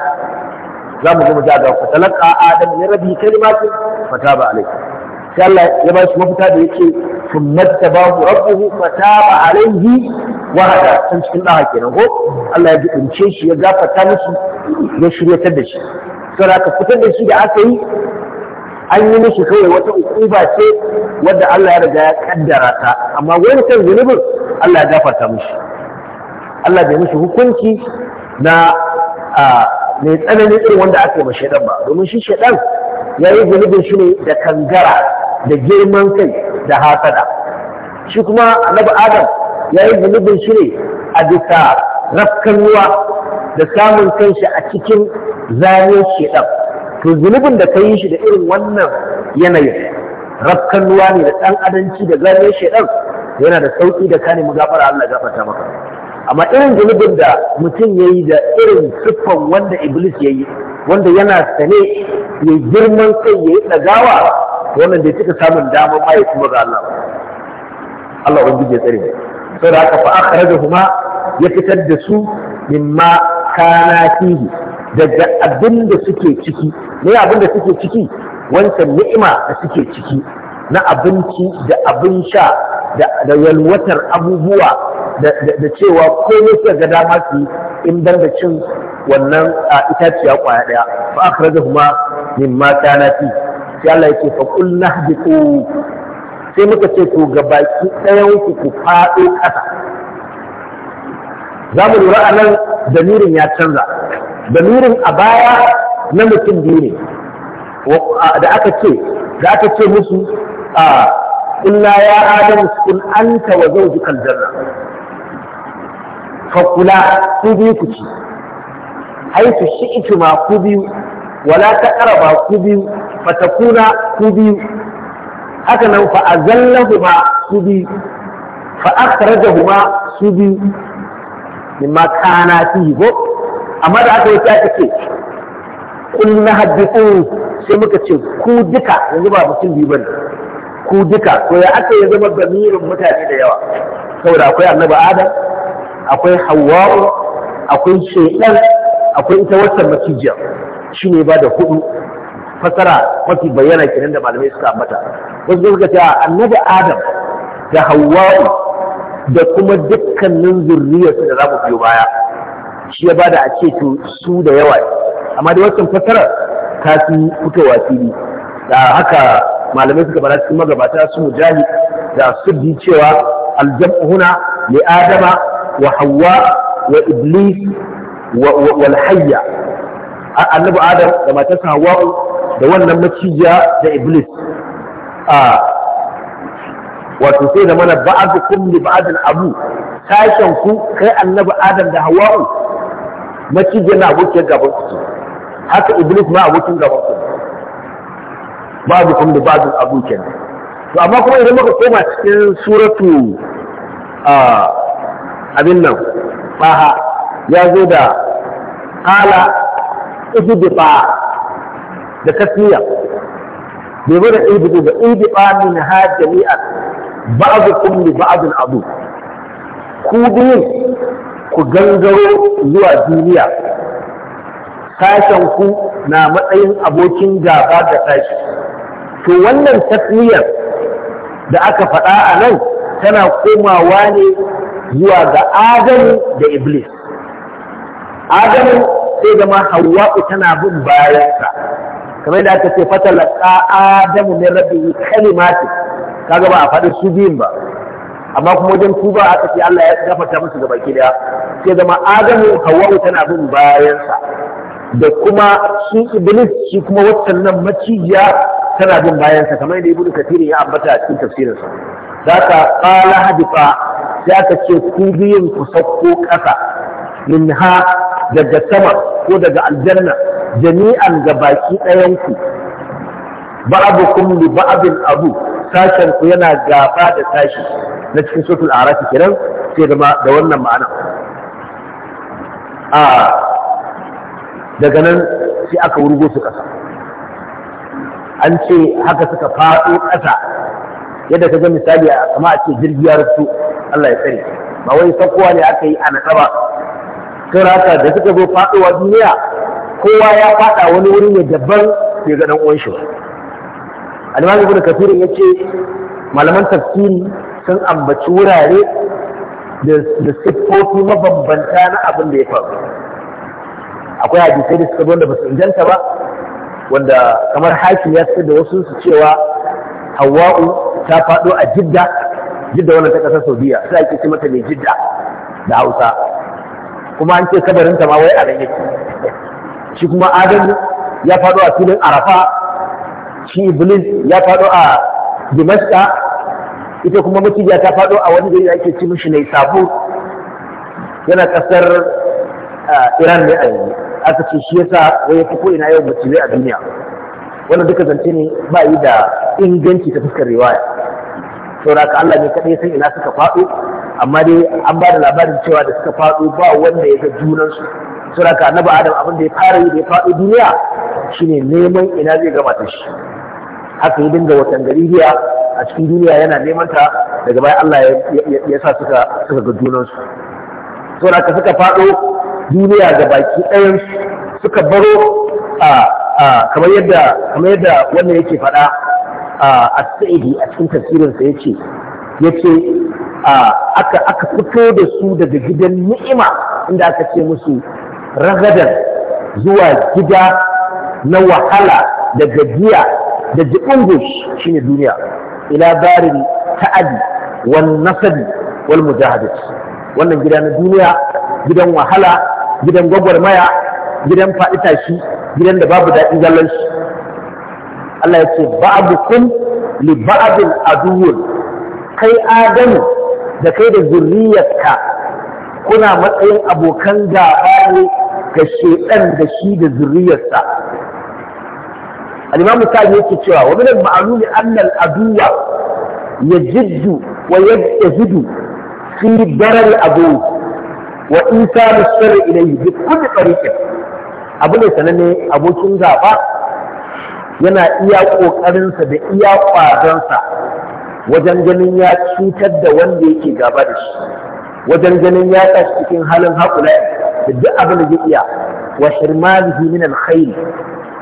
Speaker 1: za mu zo mu ga ga fatalaka Adam ya rabi kalimatin fataba alaikum sai Allah ya ba shi mafita da yake thumma tabahu rabbuhu fataba alayhi wa hada san cikin daha kenan ko Allah ya jibince shi ya gafarta mishi ya shiryatar da shi sai aka fitar da shi da aka yi an yi mishi kawai wata ukuba ce wadda Allah ya riga ya kaddara ta amma wani kan zunubin Allah ya gafarta mishi Allah bai mishi hukunci na mai tsananin irin wanda aka yi ma shaidan ba domin shi shaidan ya yi zunubin shi ne da kangara da girman kai da hasada shi kuma annabi adam ya yi zunubin shi ne a bisa rafkan ruwa da samun kanshi a cikin shi shedan to zunubin da ka shi da irin wannan yanayin rafkan ruwa ne da ɗan adanci da shi shedan yana da sauki da kane mu gafara Allah gafarta maka amma irin zunubin da mutum ya yi da irin siffan wanda iblis ya yi wanda yana sane ya girman kai ya yi ɗagawa wannan bai cika samun damar ma ya tuba ga Allah Allah ubangiji ya tsare sau da haka fa kuma ya fitar da su mimma kana fihi daga abin da suke ciki ne abin da suke ciki wancan ni'ima da suke ciki na abinci da abin sha da yalwatar abubuwa da cewa komai suka ga dama su in ban da cin wannan itaciya kwaya daya fa akhraja huma kuma ma kana fi sai Allah yake fa qul nahbitu sai muka ce to ga baki ɗayan ku ku faɗo ƙasa za mu lura a nan damirin ya canza damirin a baya na mutum biyu ne da aka ce da aka ce musu a Kulla ya adam kun anta wa zawjuka aljanna fa kula ku biyu ku ci haitu shi'tu ma ku biyu wala ta ƙaraba ku biyu fatakuna ku biyu haka nan fa azallahuma su biyu fa akhrajahuma su biyu mimma kana fihi ko amma da aka yi ta ce na sai muka ce ku duka yanzu ba mutum biyu bane ku duka ko ya aka yi zama damirin mutane da yawa saboda akwai annabi adam akwai hawwa'u akwai shaytan akwai ita wata macijiya shi ne ba da hudu fasara mafi bayyana kenan da malamai suka ambata wasu suka ce annabi adam da hawwa'u da kuma dukkanin zurriyarsu da za mu biyo baya shi ya bada a ce to su da yawa amma da wancan fasarar ta fi fitowa fili da haka malamai suka bara cikin magabata su mujahid da bi cewa aljam'u huna li adama wa Hauwa wa iblis wa Alhayya. annabi adam da matarsa hawa'u da wannan maciya da iblis a wato sai da mana ba'adu kum li ba'adin abu sashen ku kai annabi adam da hawa'u maciya na abokin gaban ku haka iblis ma abokin gaban ku ba'adu kum li ba'adin abu kenan to amma kuma idan muka koma cikin suratu abin nan baha ya zo da ala ihdifa da tasmiya bai bada ihdifa da ihdifa min ha jami'an ba'dukum li ba'din abu ku biyun
Speaker 2: ku gangaro
Speaker 1: zuwa duniya sashen ku na matsayin abokin gaba da sashi to wannan tasmiyar da aka faɗa a nan tana komawa ne zuwa ga adamu da iblis adamu sai zama hawa'u tana bin bayansa kamar da aka ce fatalaka adamu min rabbi kalimati kaga ba a faɗi su biyun ba amma kuma wajen tuba aka ce Allah ya gafarta musu gaba baki daya sai zama adamu hawa'u tana bin bayansa da kuma su iblis shi kuma nan macijiya tana bin bayansa kamar da ibnu kathir ya ambata a cikin tafsirinsa zaka qala hadifa sai aka ce ku biyun ku sauko ƙasa minha daga sama ko daga aljanna jami'an ga baki ɗayanku ba'abukum li ba'abin abu sashen ku yana gaba da sashi na cikin sotul arafi kenan sai da da wannan ma'ana a daga nan sai aka wurgo su ƙasa an ce haka suka faɗo ƙasa yadda ka ga misali a kama a ce jirgi ya Allah ya tsare ba wai sakkowa ne aka yi a nasaba don da suka zo faɗowa duniya kowa ya faɗa wani wuri ne daban ke ga ɗan uwan shi ba alimami ibn kafir ya ce malaman tafsiri sun ambaci wurare da siffofi mabambanta na abin da ya faru akwai hadisai da suka zo da ba su inganta ba wanda kamar hakim ya fitar da wasu su cewa hawa'u ta faɗo a jidda jidda wannan ta ƙasar saudiya sai ake ce mata mai jidda da hausa kuma an ce ta ma wai a nan yake shi kuma adam ya faɗo a filin arafa shi iblis ya faɗo a dimashka ita kuma macijiya ta faɗo a wani gari ake ci mishi ne sabo yana ƙasar iran ne a yanzu aka ce shi yasa wai ya fi ko ina yau macizai a duniya wannan duka zance ne ba yi da inganci ta fuskar riwaya da ka Allah ne kaɗai san ina suka faɗo amma dai an ba da labarin cewa da suka faɗo ba wanda ya ga junansu suna ka annabi adam abin da ya fara yi da ya faɗo duniya shine neman ina zai gama ta shi haka yi dinga watan biya a cikin duniya yana neman ta daga baya Allah ya sa suka suka ga junansu suna ka suka faɗo duniya ga baki ɗayan suka baro a kamar yadda kamar wannan yake faɗa a sa'idi a cikin tafsirinsa yace yace aka aka fito da su daga gidan ni'ima inda aka ce musu ragadar zuwa gida na wahala da gajiya da jikungush shine duniya ila barin ta'adi wan nasabi wal mujahadat wannan gida na duniya gidan wahala gidan gwagwarmaya gidan faɗi tashi gidan da babu daɗin zallan shi Allah ya ce ba'dukum li ba'din adu'un. kai adamu da kai da zurriyarka kuna matsayin abokan gaba ne ga shedan da shi da zurriyarsa al ta yake cewa wa min al-ma'lum anna al-aduwa yajiddu wa yajahidu fi darar abu wa isa musar ilayhi bi kulli tariqin abu ne sananne abokin gaba yana iya ƙoƙarinsa da iya ƙwazonsa wajen ganin ya cutar da wanda yake gaba da shi wajen ganin ya tashi cikin halin haƙula da duk abin da zai iya wa min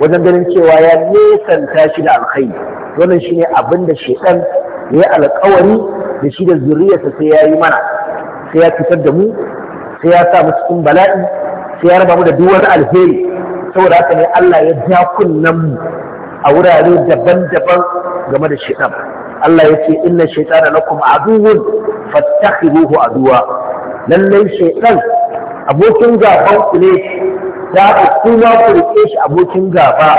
Speaker 1: wajen ganin cewa ya nesanta tashi da alkhairi wannan shine abin da shedan ya yi alkawari da shi da zuriyarsa sai ya yi mana sai ya fitar da mu sai ya sa mu cikin bala'i sai ya raba mu da duk wani alheri saboda haka ne Allah ya ja kunnen mu a wurare daban-daban game da shedan Allah ya ce inna shaitana lakum aduwwun fattakhiruhu aduwa lallai shaitan abokin gaban ku ne da ku kuma ku rike shi abokin gaba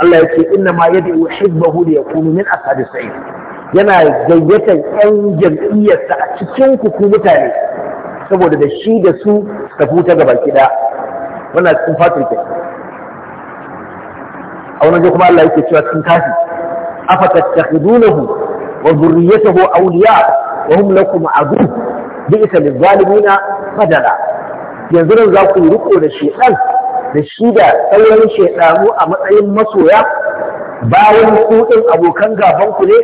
Speaker 1: Allah ya ce inna ma yad'u hizbahu li yakunu min ashabis sa'id yana gayyatar yan jam'iyyarsa a cikin ku ku mutane saboda da shi da su ka futa gaba kida wannan cikin fatir ke a wani kuma Allah yake cewa cikin kafi afa tattakhidunahu wa zurriyatahu awliya wa hum lakum adu bi'sa lil zalimina badala yanzu nan za ku yi riƙo da shedan da shi da sauran shedanu a matsayin masoya bayan ku abokan gaban ne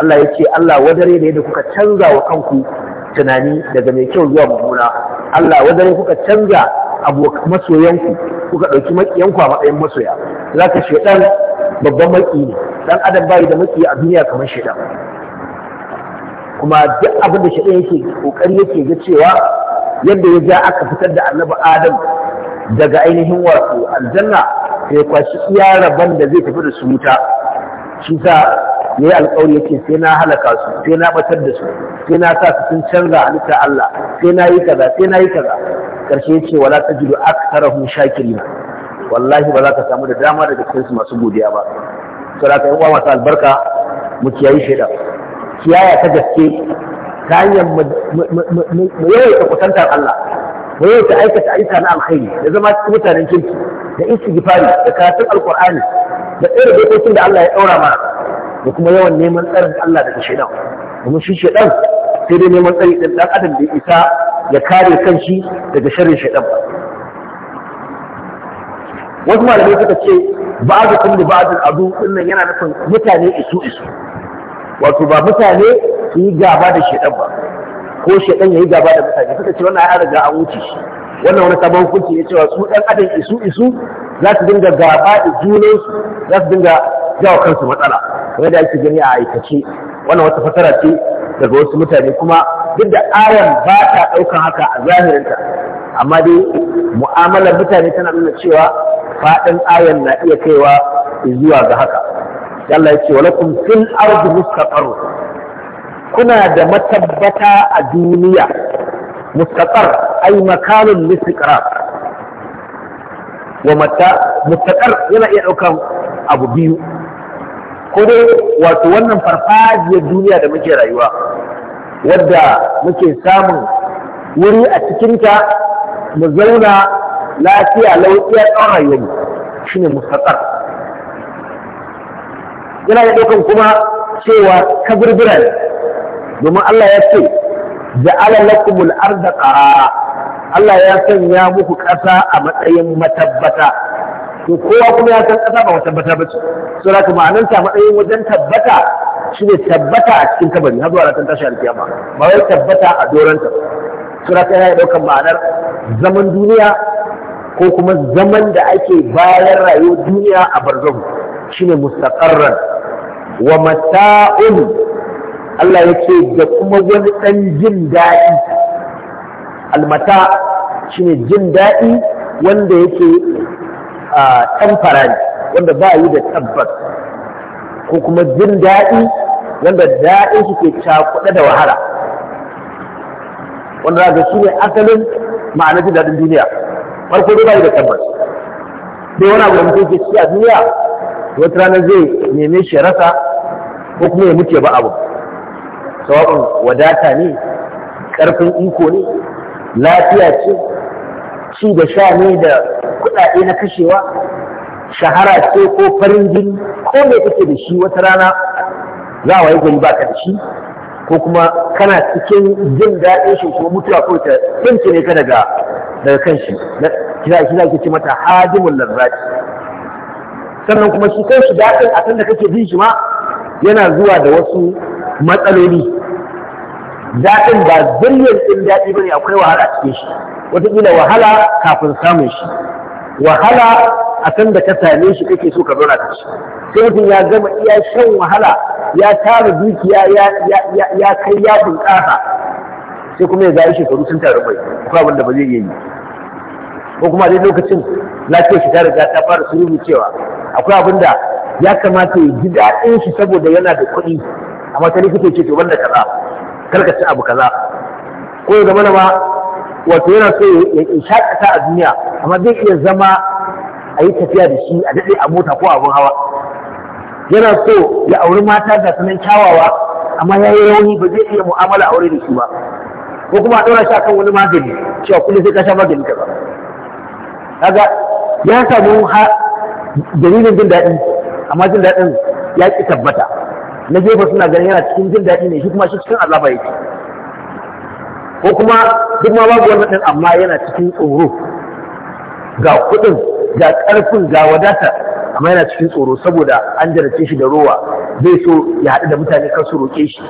Speaker 1: Allah ya ce Allah wadare ne da kuka canza wa kanku tunani daga mai kyau zuwa mummuna Allah wadare kuka canza masoyanku kuka ɗauki makiyanku a matsayin masoya za ka shaidan babban maki ne dan adam bai da maki a duniya kamar shaidan kuma duk abin da shaidan yake kokari yake ga cewa yadda ya ja aka fitar da annabi adam daga ainihin wato aljanna sai kwashi iya rabon da zai tafi da su wuta shi sa yayi alƙawari yake sai na halaka su sai na batar da su sai na sa su sun canza halitta Allah sai na yi kaza sai na yi kaza karshe yace wala tajidu aktharahum shakirina wallahi ba za ka samu da dama daga cikin su masu godiya ba saboda ka uwa masu albarka mu kiyayi shaidan kiyaya ta gaske ta hanyar mu yawaita kusantar Allah mu yawaita aikata aika na alkhairi da zama cikin mutanen kirki da istighfari da karatun alqur'ani da tsere dokokin da Allah ya daura mana da kuma yawan neman tsarin Allah daga shaidan domin shi shaidan sai dai neman tsari ɗan ɗan adam da isa ya kare kanshi daga sharrin shaidan ba wasu malamai suka ce ba'adu kullu ba'adun abu dinnan yana nufin mutane isu isu wato ba mutane su yi gaba da shedan ba ko shedan ya yi gaba da mutane suka ce wannan an riga an wuce shi wannan wani sabon hukunci ne cewa su ɗan adam isu isu za su dinga gaba da su, za su dinga jawo kansu matsala kamar da ake gani a aikace wannan wata fasara ce daga wasu mutane kuma duk da ayan ba ta ɗaukan haka a zahirinta amma dai mu'amalar mutane tana nuna cewa faɗin ayan na iya kaiwa zuwa ga haka Allah ya ce wa lakum fil ardi mustaqarr kuna da matabbata a duniya mustaqarr ay makanun listiqrar wa mata mustaqarr yana iya daukan abu biyu ko dai wato wannan farfajiyar duniya da muke rayuwa wadda muke samun wuri a cikinta mu zauna lafiya lauƙiya tsawon rayuwar shi shine mustaqar yana da ɗaukan kuma cewa kaburbura ne domin Allah ya ce ala lakumul arda qarara Allah ya sanya muku ƙasa a matsayin matabbata to kowa kuma ya san ƙasa ba matabbata ba ce so da ma'anarta matsayin wajen tabbata shine tabbata a cikin kabari har zuwa ran tashi alkiyama ba wai tabbata a doranta ta sura ta yi ɗaukan ma'anar zaman duniya ko kuma zaman da ake bayan rayuwa duniya a barzahu shine mustaqarran wa mata'un Allah yake da kuma wani dan jin daɗi almata shine jin daɗi wanda yake tamfara wanda ba yi da tabbas ko kuma jin daɗi wanda daɗin shi ke cakuɗa da wahala wanda za ga shi ne asalin ma'ana jin daɗin duniya farko dai bai da tabbas sai wani abu da mutum ke ciki a duniya wata rana zai neme shi rasa ko kuma ya mutu ba abu sawa'un wadata ne ƙarfin iko ne lafiya ce ci da sha ne da kuɗaɗe na kashewa shahara ce ko farin jini ko ne kake da shi wata rana za a wayi gari ba ka da shi ko kuma kana cikin jin daɗin shi ko mutuwa ko ta tsinci ne ka daga daga kan shi kina kina ce mata hadimul lazzati sannan kuma shi kai shi daɗin a sanda kake jin shi ma yana zuwa da wasu matsaloli daɗin ba zuriyar ɗin daɗi ba ne akwai wahala a cikin shi wataƙila wahala kafin samun shi wahala a kan da ka same shi kake so ka zauna ka shi sai ya gama iya shan wahala ya tara dukiya ya kai ya bunƙasa sai kuma ya zai shekaru sun taru mai akwai abin da ba zai yi ko kuma dai lokacin lafiyar shi ta riga ta fara sururu cewa akwai abin da ya kamata ya ji daɗin shi saboda yana da kuɗi amma ta likita ce to wanda kaza ci abu kaza ko ya zama ma wato yana so ya shakata a duniya amma zai iya zama a yi tafiya da shi a daɗe a mota ko abin hawa yana so ya auri mata ga sanin kyawawa amma ya yi rauni ba zai iya mu'amala aure da shi ba ko kuma a ɗora shi akan wani magani cewa kullum sai ka sha magani ba kaga ya samu dalilin jin daɗi amma jin daɗin ya ƙi tabbata na jefa suna ganin yana cikin jin daɗi ne shi kuma shi cikin azaba yake
Speaker 2: ko kuma duk
Speaker 1: ma babu wannan ɗin amma yana cikin tsoro ga kuɗin ga ƙarfin ga wadata amma yana cikin tsoro saboda an jarace shi da rowa zai so ya haɗu da mutane kan su roƙe shi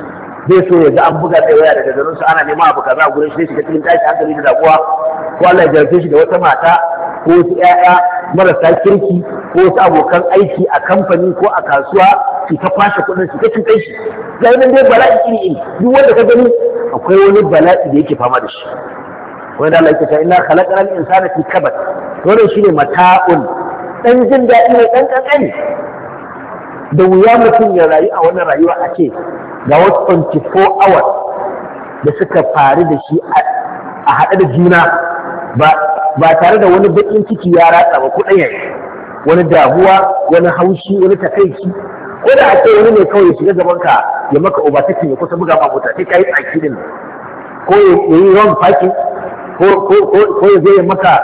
Speaker 1: zai so ya ga an buga tsaye daga garinsu ana nema abu kaza a gurin shi zai shiga cikin tashi hankali da damuwa ko Allah ya jarace shi da wata mata ko wasu 'ya'ya marasa kirki ko wasu abokan aiki a kamfani ko a kasuwa su ta kwashe kuɗin su ta cutar shi ga nan dai bala'i iri iri duk wanda ka gani akwai wani bala'i da yake fama da shi wanda Allah yake cewa inna khalaqal insana fi kabad shi ne mata'un dan jin daɗi ne dan kankani da wuya mutum ya rayu a wannan rayuwa a ce ga wasu 24 hours da suka faru da shi a haɗe da juna ba tare da wani bakin ciki ya ratsa ba kuɗin yayi wani damuwa wani haushi wani takaici ko da ake wani ne kawai shiga gaban ka ya maka overtaking ya kusa buga ma mutane kai tsaki din ko ya yi wrong parking ko ko ya zai maka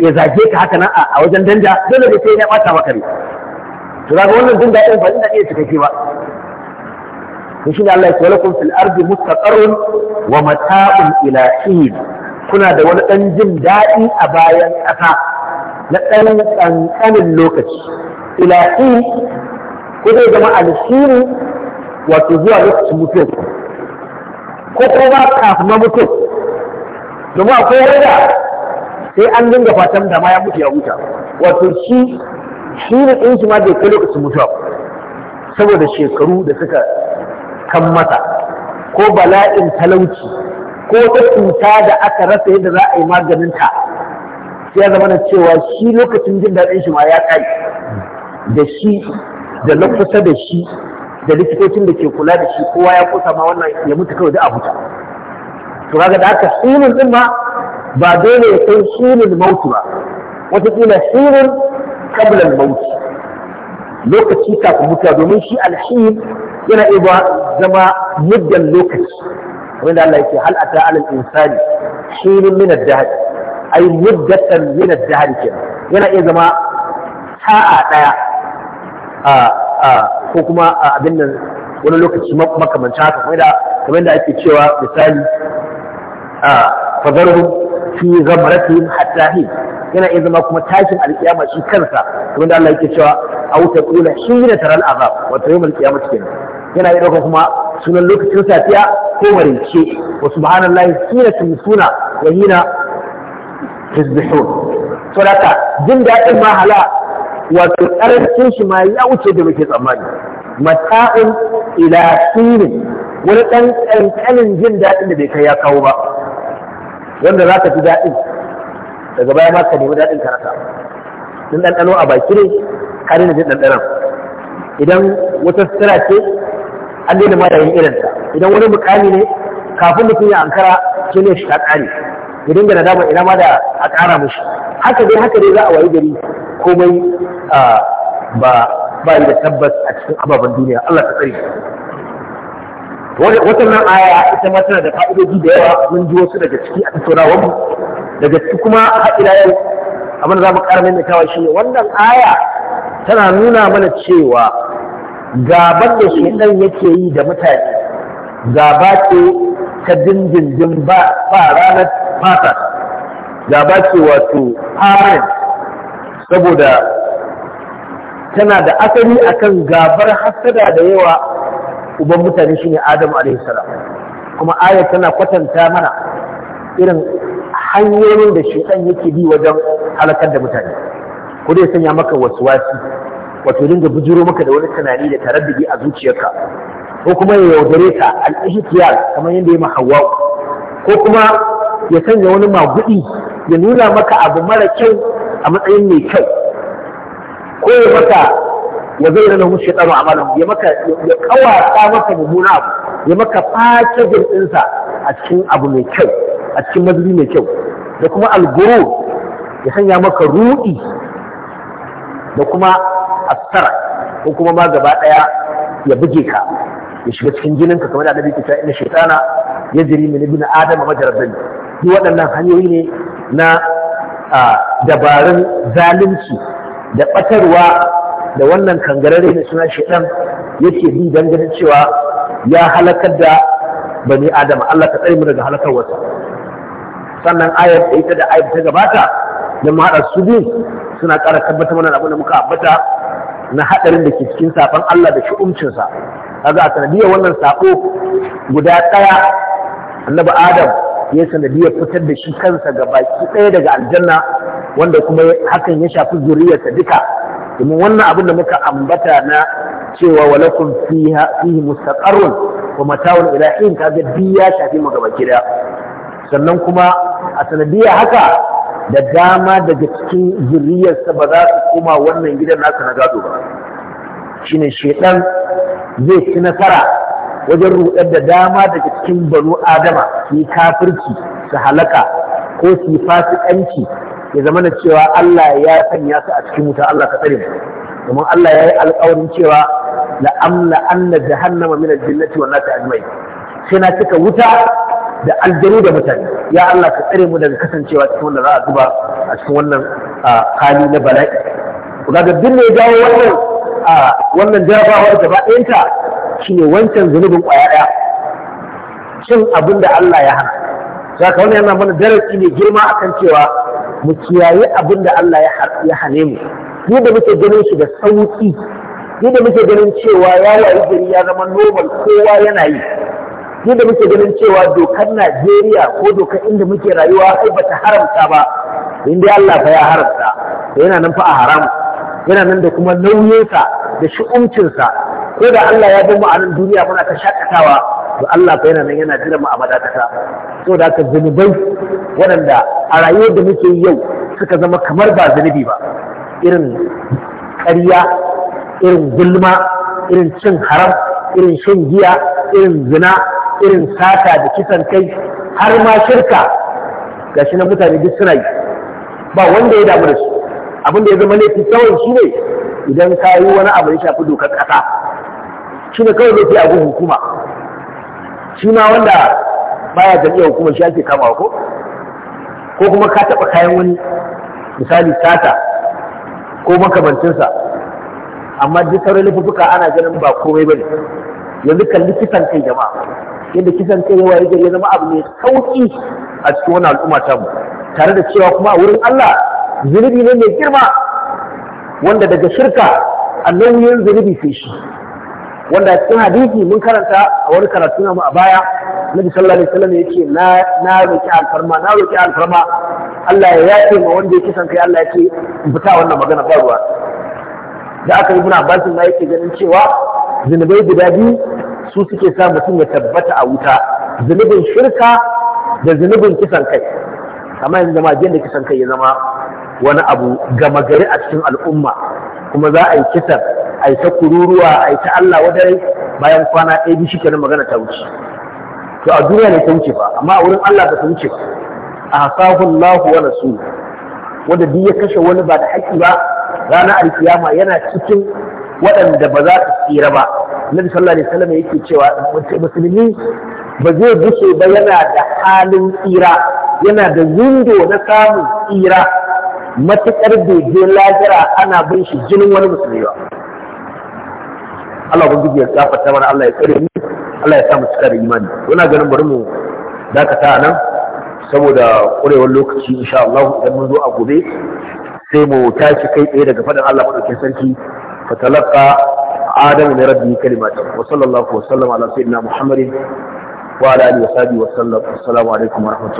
Speaker 1: ya zage ka haka nan a wajen danja dole ne sai ya bata maka ne to daga wannan jin daɗin ba ina iya cikakke ba to ne Allah ya tsawala kun fil ardi mustaqarrun wa mata'un ila hin kuna da wani dan jin daɗi a bayan ƙasa na ɗan ƙanƙanin lokaci ila hin ko zai zama alshiri wato zuwa lokacin mutuwa ko kuma kafin mutuwa domin akwai da sai an dinga fatan da ma ya mutu ya huta wato shi shi ne in shi ma bai kai lokacin mutuwa saboda shekaru da suka kan masa ko bala'in talauci ko ta cuta da aka rasa yadda za a yi maganin ta sai ya zama cewa shi lokacin jin daɗin shi ma ya kai da shi da na kusa da shi da likitocin da ke kula da shi kowa ya kusa ma wannan ya mutu kawai da a huta to kaga da aka sinin din ma ba dole ya kai sinin mautu ba kila sinin kablan mauti lokaci kafin mutuwa domin shi alhin yana iya zama muddan lokaci wanda Allah yake hal ata alal insani sinin min ad-dahr ay muddatan min ad-dahr yana iya zama
Speaker 2: sa'a daya
Speaker 1: a a ko kuma abin nan wani lokaci makamancin haka kamar da ake cewa misali fadaru fi zamratihim hatta hin yana iya zama kuma tashin alƙiyama shi kansa kamar da Allah yake cewa aw taqula shina taral azab wa yawmal qiyamati kenan yana iya dauka kuma sunan lokacin safiya ko marince wa subhanallahi hina tumsuna wa hina tasbihun saboda jin daɗin mahala, hala wato karancin shi ma ya wuce da muke tsammani mata'un ila sinin wani ɗan ƙanƙanin jin daɗin da bai kai ya kawo ba wanda za ka fi daɗin daga baya ma ka nemi daɗin karata sun ɗanɗano a baki ne ka daina jin ɗanɗanon idan wata sutura ce an daina ma yayin ta. idan wani mukami ne kafin mutum ya ankara shi ne shi ta ƙare ya dinga nadama ina ma da a ƙara mushi
Speaker 2: haka dai haka dai za a wayi
Speaker 1: gari komai ah, ba ba yi da tabbas a cikin ababen duniya Allah ta tsare wannan aya ita ma tana da fa'idoji da yawa mun ji wasu daga ciki a tattaunawar mu daga ciki kuma a ila yau abin da za mu ƙara maimaitawa shi ne wannan aya tana nuna mana cewa gaban da shi ɗan yake yi da mutane gaba ce ta dindindin ba ranar fata gaba ce wato harin saboda tana da asali akan gabar hasada da yawa uban mutane shine Adamu alaihi salam kuma ayat tana kwatanta mana irin hanyoyin da shaitan yake bi wajen halakar da mutane ko dai sanya maka wasi, wato dinga bujuro maka da wani tunani da taraddudi a zuciyarka ko kuma ya yaudare ka al-ihtiyar kamar yadda ya mahawa ko kuma ya sanya wani magudi ya nuna maka abu mara kyau a matsayin mai kyau
Speaker 2: ko ya maka
Speaker 1: ya zayyana na a a'malahum ya maka ya kawata maka mummuna abu ya maka face girdinsa a cikin abu mai kyau a cikin mazubi mai kyau da kuma alguru ya sanya maka ruɗi da kuma asara ko kuma ma gaba ɗaya ya buge ka ya shiga cikin jinin ka kamar da annabi ta inna Ya jiri min ibn adam majrad duk waɗannan hanyoyi ne na dabarun zalunci da ɓatarwa da wannan kangarare da suna shaidan yake bi dan cewa ya halakar da bani adam Allah ka tsare mu daga halakar wata sannan ayar da ita da ayar ta gabata da mahaɗa su biyu suna ƙara tabbatar mana abin da muka ambata na haɗarin da ke cikin safan Allah da shi kaga a sanadiyar wannan saƙo guda ɗaya annabi adam ya sanadiyar fitar da shi kansa ga baki ɗaya daga aljanna wanda kuma hakan ya shafi zuriyarsa duka domin wannan abin da muka ambata na cewa walakun fiha fihi mustaqarrun wa mata'un ila in kaga biya shafi mu gaba gida sannan kuma a sanadiyya haka da dama daga cikin zuriyarsa ba za su koma wannan gidan nasa na gado ba shine shedan zai ci nasara wajen rudar da dama daga cikin banu adama su yi kafirci su halaka ko su yi fasikanci ya zama na cewa Allah ya sanya su a cikin wuta Allah ka tsare mu domin Allah ya yi alƙawarin cewa la amla anna jahannama min al-jannati wa nasi sai na cika wuta da aljanu da mutane ya Allah ka tsare mu daga kasancewa cikin wannan za zuba a cikin wannan hali na bala'i Ku ga duk ne jawo wannan wannan jarabawar gaba ɗayanta shine wancan zunubin ƙwaya ɗaya shin abin da Allah ya hana za ka wani yana mana darasi ne girma akan cewa mu kiyaye abin da Allah ya hane mu yadda muke ganin shi da sauki yadda muke ganin cewa ya wayi gari ya zama normal kowa yana yi yadda muke ganin cewa dokar Najeriya ko dokar inda muke rayuwa ai bata haramta ba inda Allah fa ya haramta yana nan fa a haram yana nan da kuma nauyinsa da shi'umcinsa ko da Allah ya bin mu a nan duniya muna ta shakatawa to Allah fa yana nan yana jira mu a madakata da ka zunubai waɗanda a rayuwar da muke yau suka zama kamar ba zunubi ba irin ƙarya irin gulma irin cin haram irin shan giya irin zina irin sata da kisan kai har ma shirka gashi na mutane duk suna yi ba wanda ya damu da su abin da ya zama laifi kawai shi ne idan ka yi wani abu ya shafi dokar ƙasa shi ne kawai zai fi abin hukuma shi ma wanda baya jam'iyyar hukuma shi ake kama ko ko kuma ka taɓa kayan wani misali sata ko makamancinsa amma duk sauran laifuka ana ganin ba komai ba ne yanzu kalli kisan kai jama'a yadda kisan kai yawa ya zama abu ne sauki a cikin wani al'umma tamu tare da cewa kuma a wurin Allah zunubi ne mai girma wanda daga shirka annabiyin zunubi fi shi wanda a cikin hadisi mun karanta a wani karatu na mu a baya Nabi sallallahu alaihi wasallam yace na na roki alfarma na roki alfarma Allah ya yake ma wanda yake san kai Allah yace in fita wannan magana ba ruwa da aka yi ibn Abbas ma yake ganin cewa zunubai guda biyu su suke sa mutum ya tabbata a wuta zunubin shirka da zunubin kisan kai amma yanzu zama da kisan kai ya zama wani abu gama gari a cikin al'umma kuma za a yi kisar, a yi ta kururuwa a yi ta Allah wadare bayan kwana ɗaya biyu na magana ta wuce to a duniya ne ta wuce ba amma a wurin Allah ba ta wuce ba a hasahu Allah wa rasul wanda duk ya kashe wani ba da haƙi ba ranar alkiyama yana cikin waɗanda ba za su tsira ba Nabi sallallahu alaihi wasallam yake cewa musulmi ba zai bushe ba yana da halin tsira yana da windo na samun tsira matuƙar bege lajira ana bin shi jinin wani musulmi ba Allah ubangiji ya gafarta mana Allah ya tsare mu Allah ya sa mu cika da imani muna ganin bari mu dakata a nan saboda ƙurewar lokaci insha Allah idan mun zo a gobe sai mu tashi kai tsaye daga faɗin Allah madaukakin sarki fatalaka آدم لربه كلماته وصلى الله وسلم على سيدنا محمد وعلى آله وصحبه وسلم والسلام عليكم wa الله